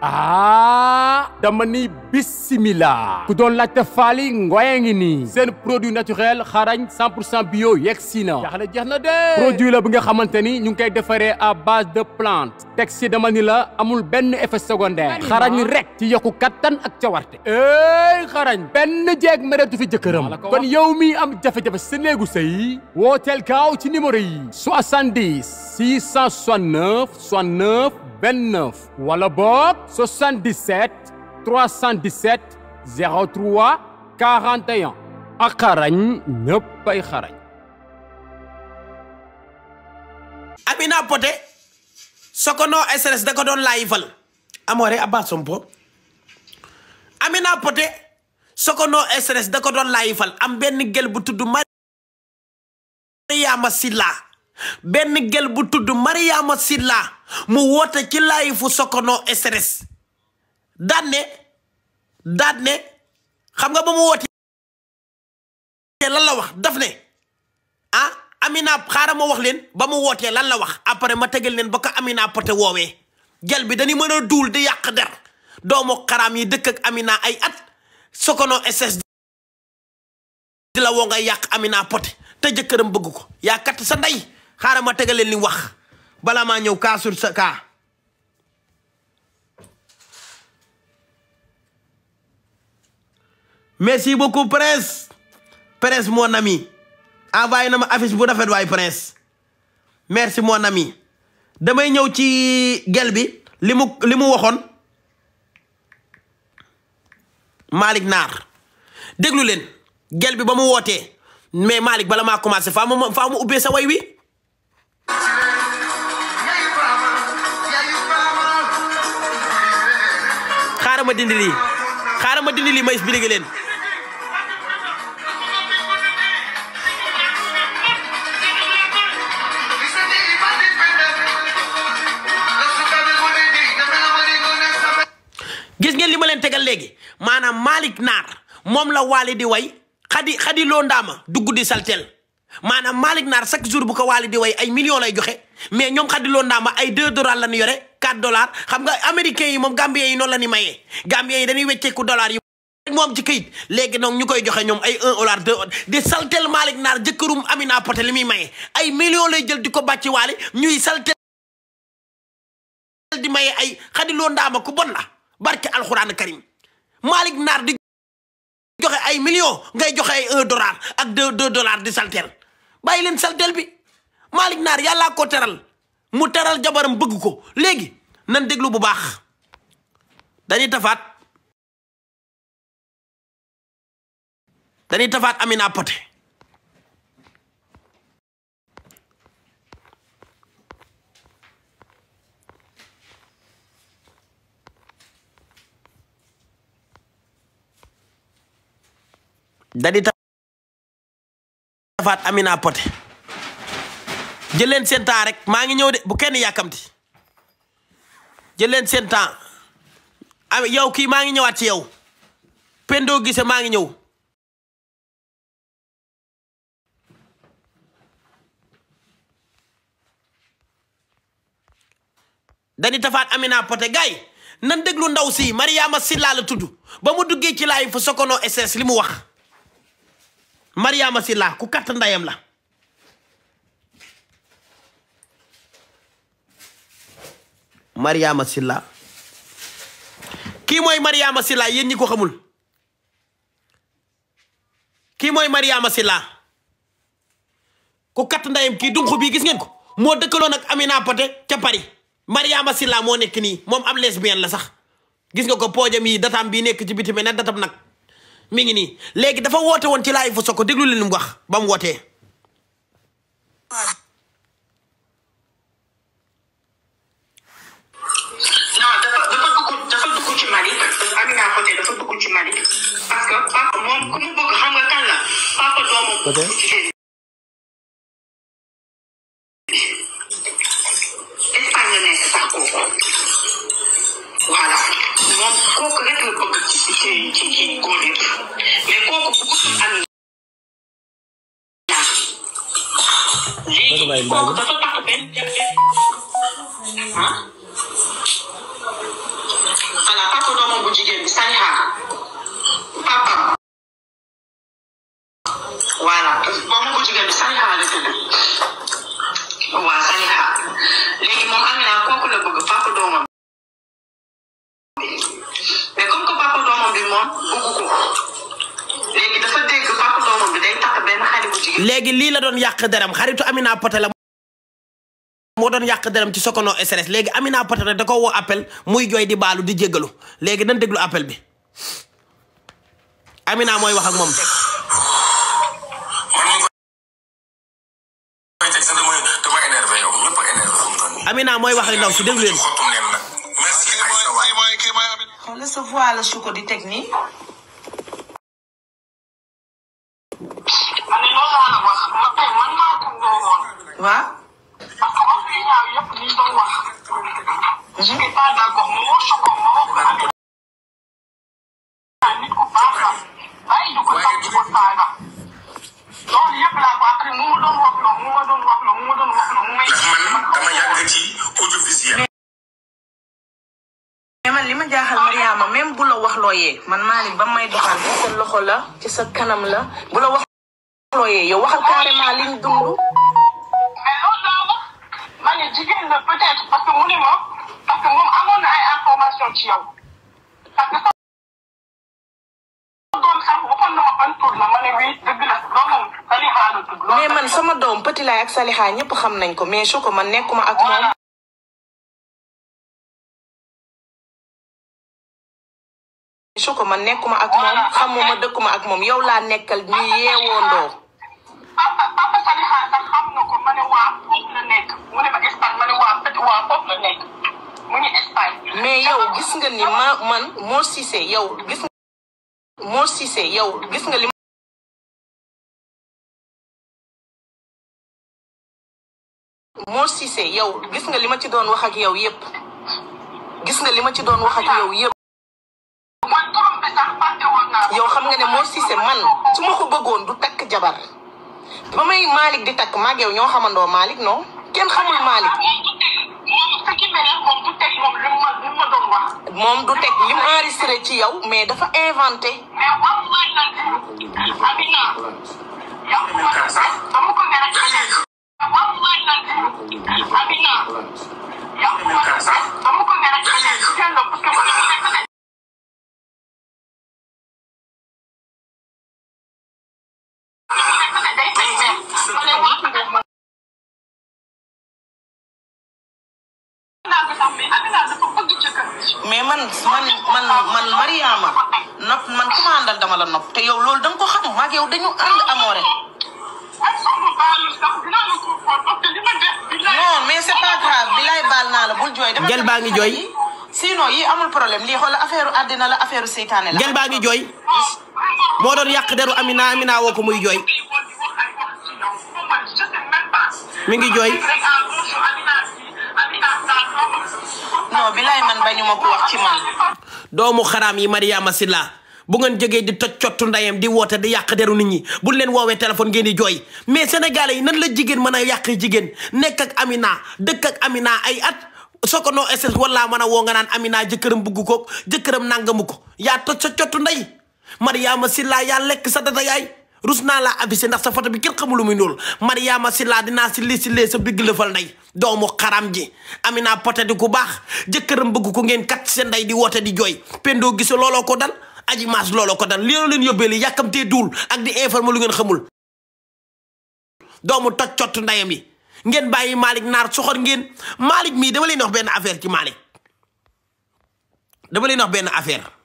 ah dama ni bisimila ku doon laajte faali ngoye ngi nii seen produit naturel xarañ 100 pour cent bio si na jaaxle jeex na de produit la bu nga xamante ni ñu ngi koy defaree a base de plante teg si dama ni la amul benn effet secondaire xarañ ah. rek ci yokku kattan ak cawarte éy xarañ benn jeeg mereetu fi jëkkëram kon yow mi am jafe-jafe se néegu sëy wooteel kaaw ci numéro yi 70 669 69 29 walla boog 77 317 03 41 ak xarañ ñëpp ay xarañ. Amina Poté Sokono SRS da ko doon laayifal amoore Abba Sompo Amina Poté Sokono SRS da ko doon laayifal am benn gel bu tudd Mariama benn gel bu tudd Mariama Silla mu woote ci layi fu Sokono SRS daan ne daan ne xam nga ba mu wootee lan la wax daf ne ah Amina xaaral ma wax leen ba mu wootee lan la wax après ma tegal leen ba ko Amina poté woowee gel bi dañuy mën a duul di yàq der doomu xaraam yi dëkk ak Amina ay at Sokono SS di la nga yàq Amina poté te jëkkëram bëgg ko yaa sa ndey xaaral ma tegal leen li wax balaa maa ñëw cas sur sa cas merci beaucoup prince prince mon ami envoyé na ma affiche bu rafet waay prince merci mon ami damay ñëw ci gel bi li mu li mu waxoon Malick Naar déglu leen gel bi ba mu wootee mais Malick bala maa commencé faa ma faa ma ubbee sa way wi xaaral ma dindi gis ngeen li leen tegal léegi maanaam Malick Naar moom la waale di way xadi xadi loo ndaama dugg di maanaam Malick Naar chaque jour bu ko waali di way ay millions lay joxe mais ñoom xaddi loo ndaama ay 2 dollars la ñu yore 4 dollars xam nga américains yi moom gambien yi noonu la ñu mayee gambien yi dañuy wecceeku dollars yi moom ci kayit léegi donc ñu koy joxe ñoom ay 1 dollar 2 di saltel Malick Naar jëkkërum Amina Poté li muy maye ay millions lay jël di ko bàcci waale ñuy saltel di maye ay xaddi loo ndaama ku bon la barke alxuraan karim Malick Naar di joxe ay millions ngay joxe ay 1 dollar ak 2 2 dollars di saltel bàyyi leen saltel bi Malick Naar yàllaa ko teral mu teral jabaram bëgg ko léegi nan déglu bu baax dañuy tafaat dañuy tafaat Amina Poté dañuy faat Amina Poté jël leen seen temps rek maa ngi ñëw de bu kenn yàkkamti jël seen temps yow kii maa ngi ñëwaat ci yow Pendo maa ngi ñëw dañu tafaat Amina Poté gay nan déglu ndaw si Mariama Silla la tudd ba mu duggee ci laay fa Sokono SS li mu wax Mariama Silla ku katt ndayam la Mariama Silla kii mooy Mariama Silla yéen ñi ko xamul kii mooy Mariama Silla ku katt ndayam kii dunq bii gis ngeen ko moo dëkkaloon ak Amina Poté ca Paris Mariama Silla moo nekk nii moom am lesbienne la sax gis nga ko poojam yi datam bii nekk ci biti mel ne datam nag mi ngi nii léegi dafa woote woon ci laay fa soko déglu leen mu wax ba mu wootee ok. léegi kooku dafa takk benn benn ah voilà papa doomam bu jigéen bi Saliha léegi lii la doon yàq deram xaritu Amina Poté la moo doon yàq deram ci Sokono SRS léegi Amina Poté nag da ko woo appel muy jooy di baalu di jéggalu léegi nan déglu appel bi Amina mooy wax ak moom Amina mooy wax ak ndaw si déglu leen waaw. parce que wax dëgg yàlla yëpp ma woo Choco ma man dama yàgg may doxal sa loxo la kanam la bu la wax Petit ak Saliha ñépp xam nañ ko mais Choco man nekkuma ak moom. Choco man nekkuma ak moom xamuma dëkkuma ak moom yow laa nekkal ñu yeewoondoo. mais yow gis nga ni ma man Mor Cissé yow gis nga Mor Cissé gis nga li moo Cissé yow gis nga li ma ci doon wax ak yow yëpp gis nga li ma ci doon wax ak yow yëpp. xam nga ne moo Cissé man su ma ko bëggoon du takk jabar ba may Malick di takk maag yow ñoo xamandoo Malick non kenn xamul Malick. moom du teg li mu ci yow mais dafa inventé. mais man man man man Mariama nopp man ku ma dama la nopp te yow loolu danga ko xam maag yow dañu amoore. non mais c'est pas grave baal naa la bul jooy. gel baa ngi jooy. sinon yi amul problème lii xool affaire àddina la affaire seytaane la. gel baa ngi jooy. moo doon yàq deru Amina Amina woo ko muy jooy. mi ngi jooy. non bilaay man bañu ma ko wax ci man. doomu xaraam yi Mariama Silla bu ngeen jegee di toj cottu ndayam di woote di yàq deru ni ñi bu leen woowee téléphone ngeen di jooy mais sénégalais yi nan la jigéen mën a yàq jigéen nekk ak Amina dëkk ak Amina ay at. sokono ss wala mën a woo nga naan Amina jëkkëram bugg ko jëkkëram nangamu ko yaa toj sa nday Mariama Silla yaa lekk sa data rus naa laa avisé ndax sa photo bi kenn xamul lu muy ndóol Mariama Silla dinaa si li si lee sa digg lëfal ndey doomu xaram ji Amina Poté ku baax jëkkëram bëgg ko ngeen kat seen ndey di woote di jooy Pendo Guissé looloo ko dal Aji Maas looloo ko dal loolu leen yóbbee yàkkamtee duul ak di informer lu ngeen xamul doomu toj cott ndeyam ngeen bàyyi Malick naar soxor ngeen Malick mii dama leen wax benn affaire ci Malick dama leen wax benn affaire